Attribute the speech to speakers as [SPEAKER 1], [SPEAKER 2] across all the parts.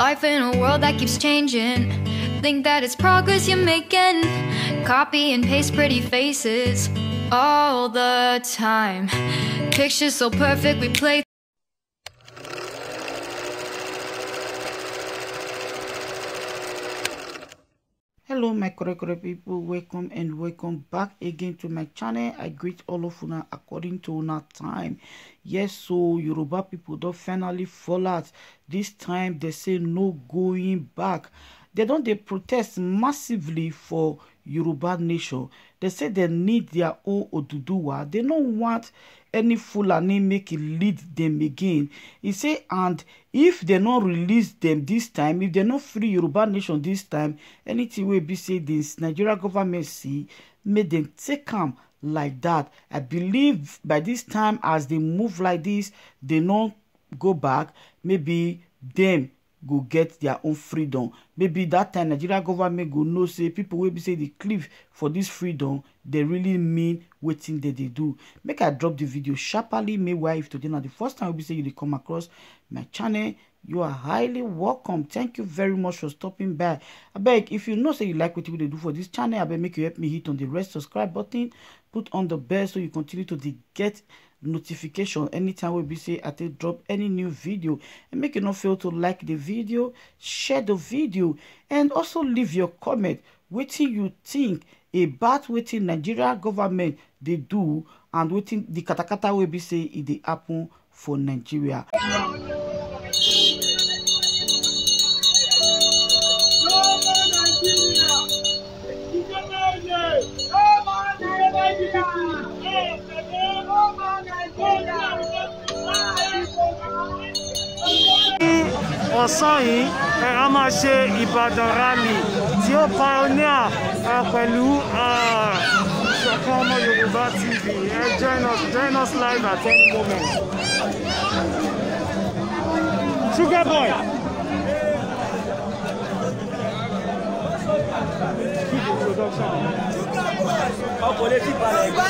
[SPEAKER 1] Life in a world that keeps changing. Think that it's progress you're making. Copy and paste pretty faces all the time.
[SPEAKER 2] Pictures so perfect, we play. hello my correct correct people welcome and welcome back again to my channel i greet all of una according to una time yes so yoruba people don finally fall out this time they say no going back they don't. They protest massively for yoruba nation they say they need their own oduduwa they don't want any fulani make it lead them again He say and if they not release them this time if they not free yoruba nation this time anything will be said. This nigeria government see make them take am like that. i believe by this time as they move like this, they not go back maybe them go get their own freedom maybe that time nigeria government go know say people wey be say the cleave for this freedom dey really mean wetin dem dey do make i drop the video sharply meanwhile wife today na the first time wey be say you dey come across my channel you are highly welcome thank you very much for stopping by abeg if you know say you like wetin we dey do for this channel abeg make you help me hit on the red subscribe button put on the bell so you continue to dey get notification anytime wey be say i take drop any new video and make you no fail to like the video share the video and also leave your comment wetin you think about wetin nigeria government dey do and wetin the katakata wey be say e dey happen for Nigeria.
[SPEAKER 1] ọ̀sán yìí a máa ṣe Ìbàdàn rally tí ó pioneer pẹ̀lú ṣọ̀kan ọmọ Yorùbá TV join us join us live at any moment. Sugar boy. Sugar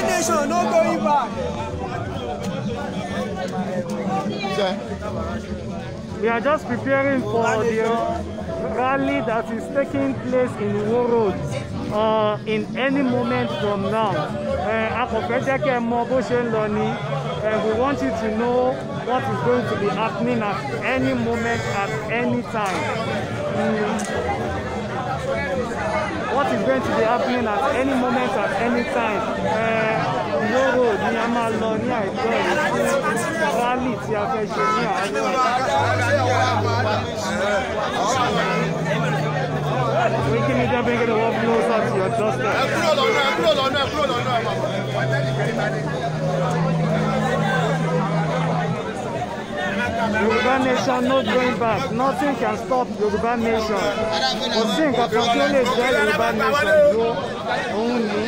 [SPEAKER 1] nation no going back. We are just preparing for the rally that is taking place in War Road uh, in any moment from now. Uh, we want you to know what is going to be happening at any moment, at any time. What is going to be happening at any moment, at any time. Eh, Ìlóró ni a máa lọ ní àìjọ yìí fún rálì tí a fẹ́ ṣe ní àárọ̀. Wíkíní jẹ́ bí kíni wọ́n blow out your doorstep. Ẹ kúrò lọ́nà ẹ
[SPEAKER 3] kúrò lọ́nà ẹ kúrò lọ́nà ẹ̀ Yorùbá nation no going back
[SPEAKER 1] nothing can stop Yorùbá nation kò sí nǹkan kan tí ó lè jẹ́ Yorùbá nation dúró òun ní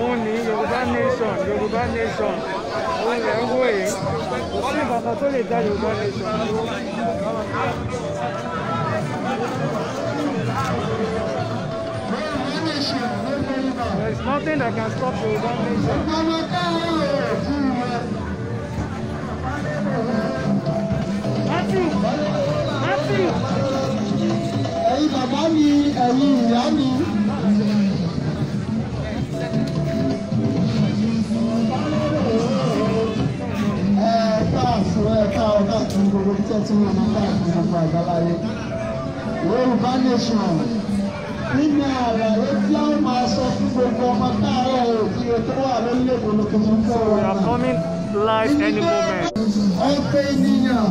[SPEAKER 1] òun ní Yorùbá nation Yorùbá nation òun lè ń wò yìí kò sí nǹkan kan tó lè jẹ́ Yorùbá nation dúró. There's nothing that can stop Yorùbá
[SPEAKER 3] nation. Yorùbá nation nínú ààrẹ lójú àwọn máa sọ fún gbogbo ọmọ káàárọ̀ òkìrè tó wà lórílẹ̀-èdè olókè tó ń
[SPEAKER 1] kọ̀rọ̀ wọn. We are coming live any moment. Ọ̀pẹ̀ ènìyàn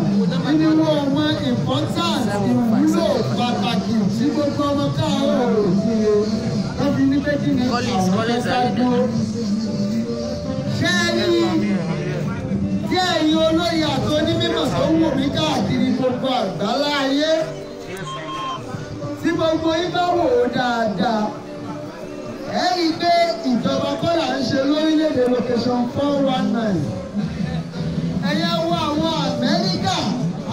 [SPEAKER 1] nínú
[SPEAKER 3] ọmọ important ìwúlò pàtàkì sí gbogbo ọmọ káàárọ̀ òkìrè. Ó fi ní pé kí ni àwọn ọmọ ká gbó. gbogbo àgbálá ayé tí gbogbo yín wò ó dáadáa ẹ rí i pé ìjọba kọ́là ń ṣe lórílẹ̀‐èdè location four one nine ẹ̀yẹ wo àwọn Amẹ́ríkà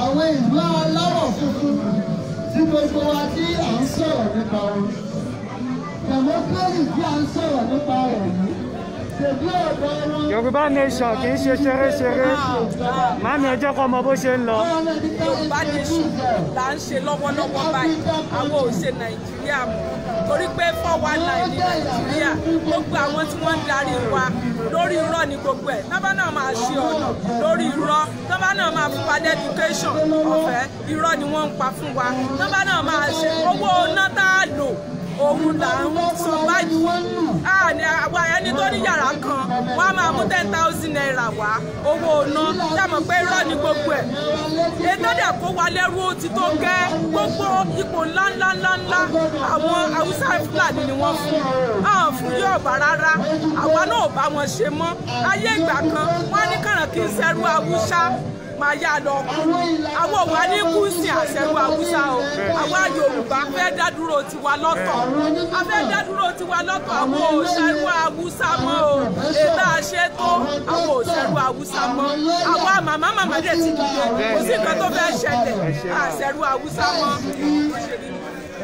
[SPEAKER 3] àwọn ìlú aláwọ̀ funfun tí gbogbo wa tí à ń sọ̀rọ̀ nípa wọn democracy tí à ń sọ̀rọ̀ nípa wọn yìí yorùbá nation kì í ṣe
[SPEAKER 1] ṣeréṣeré màmí ẹ jẹ́ kó mọ bó ṣe ń lọ.
[SPEAKER 4] yorùbá nation là ń ṣe lọ́wọ́lọ́wọ́ báyìí àwọn ò ṣe nàìjíríà mọ́ torí pé four one nine ní nàìjíríà gbogbo àwọn tí wọ́n ń darí wa lórí irọ́ ni gbogbo ẹ̀ tọ́ba náà máa ṣe ọ̀nà lórí irọ́ tọ́ba náà máa fún wa education ọ̀fẹ́ irọ́ ni wọ́n ń pa fún wa tọ́ba náà máa ṣe owó náà tá a lò òun là ń sọ báyìí àní àwa ẹni tó ní yàrá kan wọ́n á máa mú ten thousand naira wá owó ná dámọ̀ pé irọ́ ni gbogbo ẹ̀ ètò dẹ̀ kó wa lẹ́rú ó ti tó gẹ́ gbogbo ipò ńláńláńláńlá àwọn haúsá fúlàní ni wọ́n fún àwọn fún yóò bá rárá àwa náà ò bá wọn ṣe mọ́ ayé ìgbà kan wọ́n á ní kàràn kí n ṣẹ́rú haúsá máa yá lọ kú àwọn òwà ní kùsì àṣẹwò àwùsá o àwa Yorùbá fẹ́ dádúró tiwa lọ́tọ̀ a fẹ́ dádúró tiwa lọ́tọ̀ àwọn òṣèlú àwùsá mọ́ o èlà àṣẹ tó àwọn òṣèlú àwùsá mọ́ àwa màmá màmá dẹ̀ ti dìde kò sí nǹkan tó fẹ́ ṣẹlẹ̀ àṣẹlú àwùsá mọ́.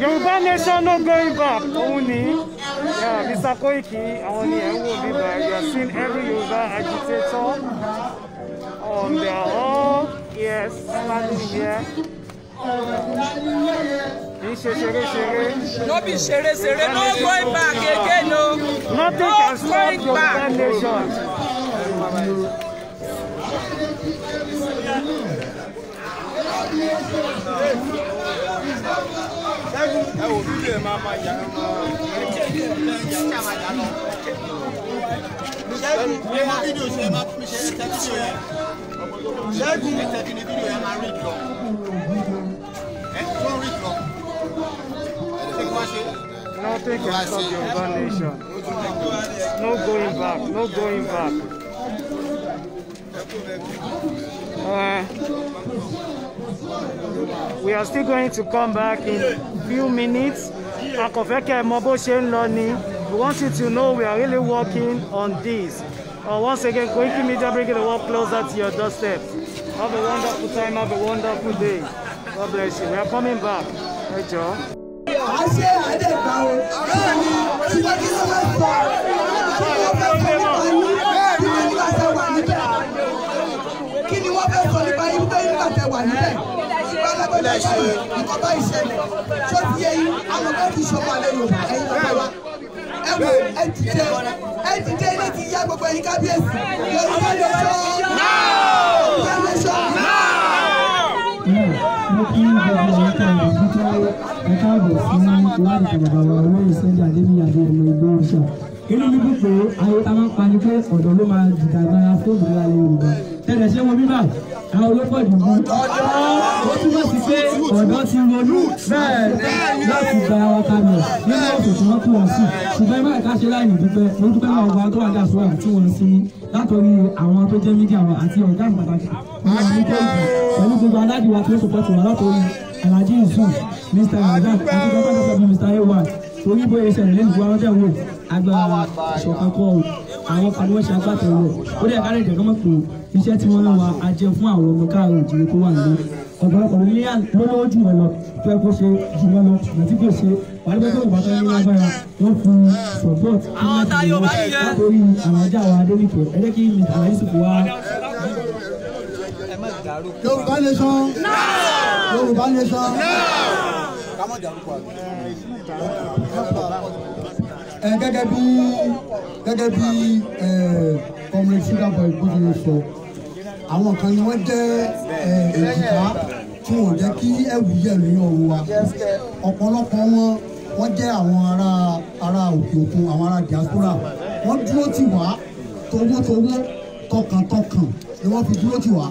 [SPEAKER 1] Yorùbá nation no going back. Only, yeah, Mr. Koiki, only I
[SPEAKER 4] will be back. You have seen every Yoruba
[SPEAKER 1] agitator
[SPEAKER 4] on their own. Yes, standing here. Kì í ṣe ṣeré ṣeré. No be ṣeré
[SPEAKER 1] ṣeré, no going back again no. Nothing can stop Yorùbá nation.
[SPEAKER 3] Ẹ ṣẹ́gun mi tẹ̀lé ní fídíò máa rí jọ ẹ tó rí jọ ṣé kí wọ́n ṣe.
[SPEAKER 1] Nothing can stop Yoruba nation. No going back, no going back. Uh, we are still going to come back in few minutes. Akọ̀fẹ́kẹ̀ mọ bó ṣe ń lọ We want you to know we are really working on this. Uh, once again, Koiki Media bringing the world closer to your doorstep. Have a wonderful time, have a wonderful day. God bless you. We are coming back. Hey, Joe.
[SPEAKER 4] àṣẹ àdẹ̀gbà o bẹ́ẹ̀ ni tiwájú ló máa sọ
[SPEAKER 3] kí ni wọ́n fẹ́
[SPEAKER 4] sọ àmọ́ ẹ dìde ẹ dìde ilé ti yá gbogbo ẹ̀yin kábíyèsí yorùbá lè sọ yorùbá lè sọ.
[SPEAKER 3] mo kí ń bọ̀ àwọn ọ̀tá ìlú tó ẹ káàbọ̀ sí láti bàbá wa olóyè
[SPEAKER 4] sẹ́ńdà adébíyàgbé ọmọ ìgbó òrìṣà inú bíbí pé ayé tá máa ń pani pé ọ̀dọ́ ló máa jìkà náírà fóònù ní alẹ́ Yorùbá tẹ̀lẹ̀ ṣé wọn bíbà àwọn olóko ìdìbò ó túmọ̀ sí pé ọ̀dọ́ ti ronú bẹ́ẹ̀ láti gba wa kalẹ̀ nínú ọ̀sẹ̀ tí wọ́n kú wọn sí ṣùgbọ́n báyìí ká ṣe láì dúpẹ́ mo dúpẹ́ náà ọba tó wà ní àṣọ àti wọn sí látọ̀rí àwọn tó jẹ́ mídíà wa àti ọ̀gá àgbàdàgbà wọn àmì tó pẹ̀lú gbogbo orí bóyá ṣẹlẹ̀ lẹ́nu gbogbo àwọn tẹ̀wọ̀ agbára ìṣọ̀kan kọ́ o àwọn kan ni wọ́n ṣe agbátẹ̀wọ̀ ó dẹ̀ kárẹ̀ ìjọ̀kan mọ̀kò iṣẹ́ tí wọ́n ń wa ajẹ́ fún àwọn ọmọ káàrọ̀ òjìrì tó wà nílé ọ̀pọ̀lọpọ̀ ní lọ́wọ́ jù wọn lọ tó kó ṣe jù wọn lọ àti kò ṣe wàlúùbẹ́tò ìwà ní lágbára wọ́n fún support fún láti lọ látòrí àwájà wa adéníkè
[SPEAKER 1] Yorùbá nation
[SPEAKER 3] Yorùbá nation ẹ gẹ́gẹ́ bí gẹ́gẹ́ bí ẹ kọmọlẹ sugar boy gbọ́dọ̀ sọ àwọn kan ni wọ́n jẹ́ ẹ èjìká tí wọ́n jẹ́ kí ẹ̀wù yẹ̀ lórí ọ̀run wa ọ̀pọ̀lọpọ̀ wọn wọ́n jẹ́ àwọn ará òkè òkun àwọn ará diaspora wọ́n dúró tì wá towótowó tọkàntọkàn ni wọ́n fi dúró tì wá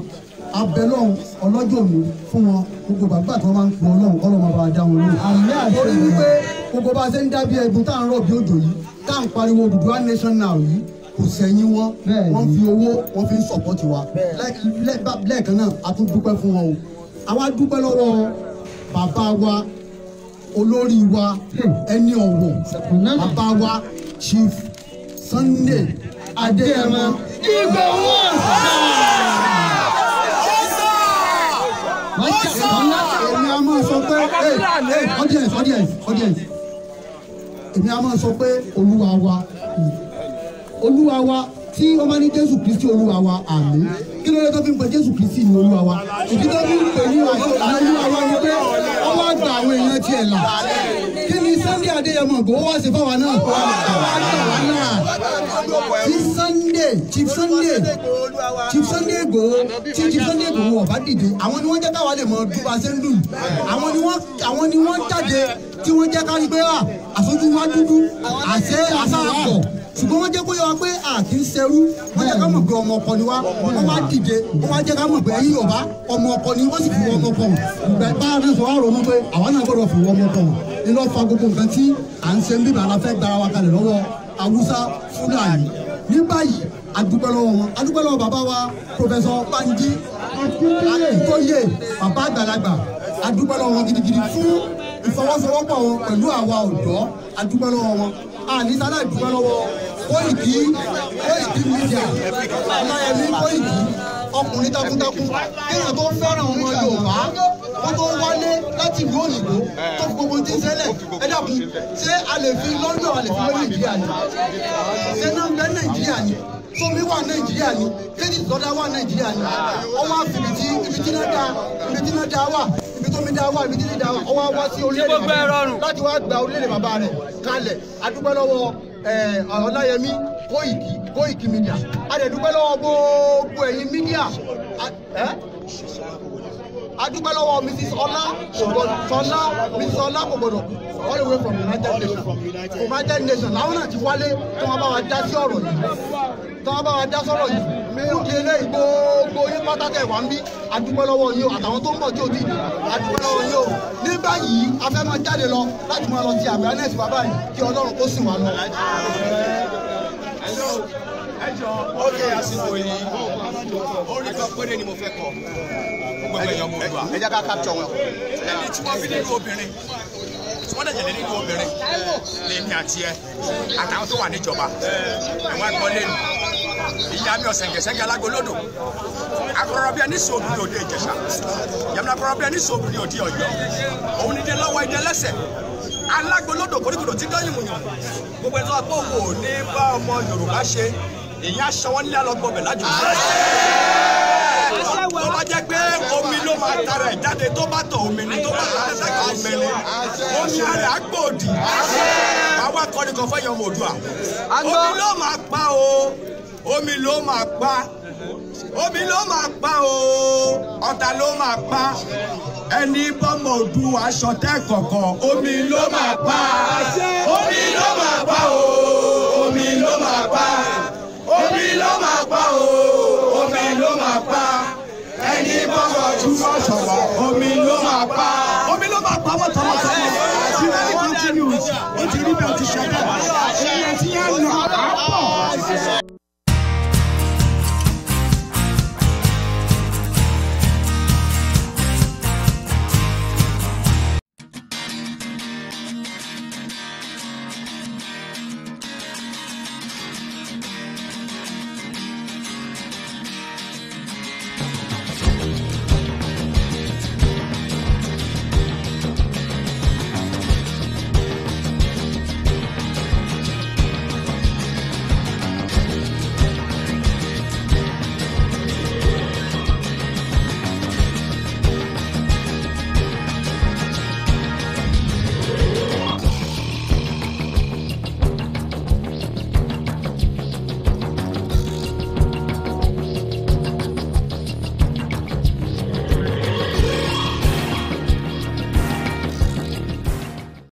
[SPEAKER 3] abẹ́lọ́hún ọlọ́jọ́ òní fún wọn gbogbo bàbá tí wọ́n máa ń pè ọlọ́run kọ́ ló máa bá a dá wọn lóhùn. torí wípé gbogbo bá a ṣe ń dábìí ẹ̀bùn tá à ń rọ̀ bí òjò yìí tá à ń pariwo Odùduwà nation now yìí kò sẹ́yìn wọn wọ́n fi owó wọ́n fi ń sọ̀pọ̀tì wa lẹ́ẹ̀kan náà a tún dúpẹ́ fún wọn o àwa dúpẹ́ lọ́wọ́ bàbá wa olórí wa hmm. ẹni ọ̀wọ̀ bàbá wa Chief Sunday Adéyẹmọ Ìgbòho. èmi a máa sọ pé eh, eh, audience audience audience èmi a máa sọ pé olúwa wa olúwa wa tí wọ́n bá ní jésù kristi olúwa wa àmín kí ló dé tó fi ń pè jésù kristi ní olúwa wa ìdí tó fi ń pè ní olúwa wa ni pé wọ́n wá àwọn èèyàn tiẹ̀ là kí ni sunday adéyẹmọ̀ kò wá sí fáwa náà. Sunday Chief Sunday Chief Sunday go. tí Chief Sunday Igboho ọba dìde àwọn ni wọ́n jẹ́ káwa lè mọ dúpọ asẹńdù àwọn ni wọ́n àwọn ni wọ́n jáde tí wọ́n jẹ́ kárí pé ah, àfojú wa dúdú àṣẹ àṣàpọ̀ ṣùgbọ́n wọ́n jẹ́ kó yẹ wa pé a ah, kì í ṣerú wọ́n jẹ́ ká mọ̀ pé ọmọ ọkọ ni wa wọ́n wá dìde wọ́n wá jẹ́ ká mọ̀ pé ẹ̀yin Yorùbá ọmọ ọkọ ni wọ́n sì fi ọmọ ọkọ ìgbà bá a sọ wá ronú pé àwa náà gbọ́dọ̀ fi ọmọ ọkọ iná fa gbogbo nǹkan tí à ń ṣe ń bíbà la fẹ́ gbára wa kalẹ̀ lọ́wọ́ Haúsá Fúlàní ní báyìí adúpẹ́ lọ́wọ́ wọn adúpẹ́ lọ́wọ́ bàbá wa pòfẹ́sọ Banji Akíntóyè bàbá àgbàlagbà adúpẹ́ lọ́wọ́ wọn gidigidi fún ìfọwọ́sowọ́pọ̀ wọn pẹ̀lú àwa ọ̀dọ́ adúpẹ́ lọ́wọ́ wọn ànísàlẹ̀ adúpẹ́ lọ́wọ́ Koiki Koiki media ọláyẹmí Koiki ọkùnrin takuntakun kéèyàn tó fẹ́ràn ọmọ òyìnbó tó fi gbogbo tí ń ṣẹlẹ̀ ẹ ṣé a lè fi London a lè fi lórí Nàìjíríà ni ṣé náà Nàìjíríà ni tómi wà Nàìjíríà ni kéjì sọdá wà Nàìjíríà ni ọwọ àfìbí tí dá ibi dá wà ibi dá wà ibi dá wà ọwọ àwa sí orílẹ̀-èdè láti wá gba orílẹ̀-èdè bàbá rẹ̀ kalẹ̀ adúpẹ́ lọ́wọ́ Ọláyẹmí Kóìkì Kóìkì mídíà adẹ̀dúpẹ́ lọ́wọ́ gbogbo ẹ̀yin mídíà adúpẹ́ lọ́wọ́ mrs ọlá sọlá mrs ọlá kògbòdò all the way from united nations united nations làwọn náà ti wálé tí wọ́n bá wa dá sí ọ̀rọ̀ yìí tí wọ́n bá wa dá sọ̀rọ̀ yìí fún ti eléyìí gbogbo yín pátákẹ́ wà ń bí adúpẹ́ lọ́wọ́ yín o àtàwọn tó ń bọ̀ tí o ti adúpẹ́ lọ́wọ́ yín o ní báyìí afẹ́ máa jáde lọ láti máa lọ sí àmì ánẹ́sì bàbá yìí kí ọlọ́run kó sìn wá lọ ó lè àsìkò yìí ó rí kan péré ni mo fẹ́ kọ gbogbo ẹ̀yọ́ mo gbà. ẹ jẹ́ ká capture wọn. ẹni tí wọ́n fi nínú obìnrin tí wọ́n dẹ̀jẹ̀ lé nínú obìnrin lè
[SPEAKER 4] ní àti ẹ àtàwọn tó wà níjọba ẹ̀wọ̀n àgbọ̀ lẹ́nu ìyá mi ọ̀sẹ̀ǹgẹ̀sẹ̀ǹgẹ̀ alágolódò akọrọ bíi ẹni sọ̀rọ̀ ní òde ìjẹ̀ṣà yàmùnà akọrọ bíi ẹni sọ̀rọ̀ ní òde ọ̀yọ́ òun ní dé lọ́wọ́ ẹni ẹlẹ́sẹ̀ alágolódò kòríkòrò tí dọ́yìn
[SPEAKER 3] mùyàn gbogbo ẹ̀ tó wà pọ̀ wò ní bá ọmọ Yorùbá ṣe èyí aṣọwọ́ nílẹ̀ lọ́gbọ̀bẹ̀
[SPEAKER 4] lájú. tó bá jẹ́ pé omi ló máa tara ẹ̀ jáde tó bá tọ̀ omi ni tó bá tọ̀ ẹ̀sẹ̀kẹ̀ omi ni omi ara àgbòdì. àwọn
[SPEAKER 3] akọni kan fẹ́ yan ọmọ òdua
[SPEAKER 4] omi ló máa pa o omi ló máa pa omi ló máa pa o ọ̀tá ló máa pa ẹni bọ́mọ òdua aṣọ tẹ́ kọ̀ọ̀kan omi ló máa pa omi ló máa pa o. báwo omi ló máa pa ẹni bọ́sọ̀ tú bọ́sọ̀ wá omi ló máa pa. omi ló máa pa wọ́n tọ́wọ́ tọ́wọ́ àti wọ́n ní kọ́ńtínú ó ti rí bẹ́ẹ̀ ti
[SPEAKER 3] ṣẹ̀dá èèyàn
[SPEAKER 4] ti yẹn lọ.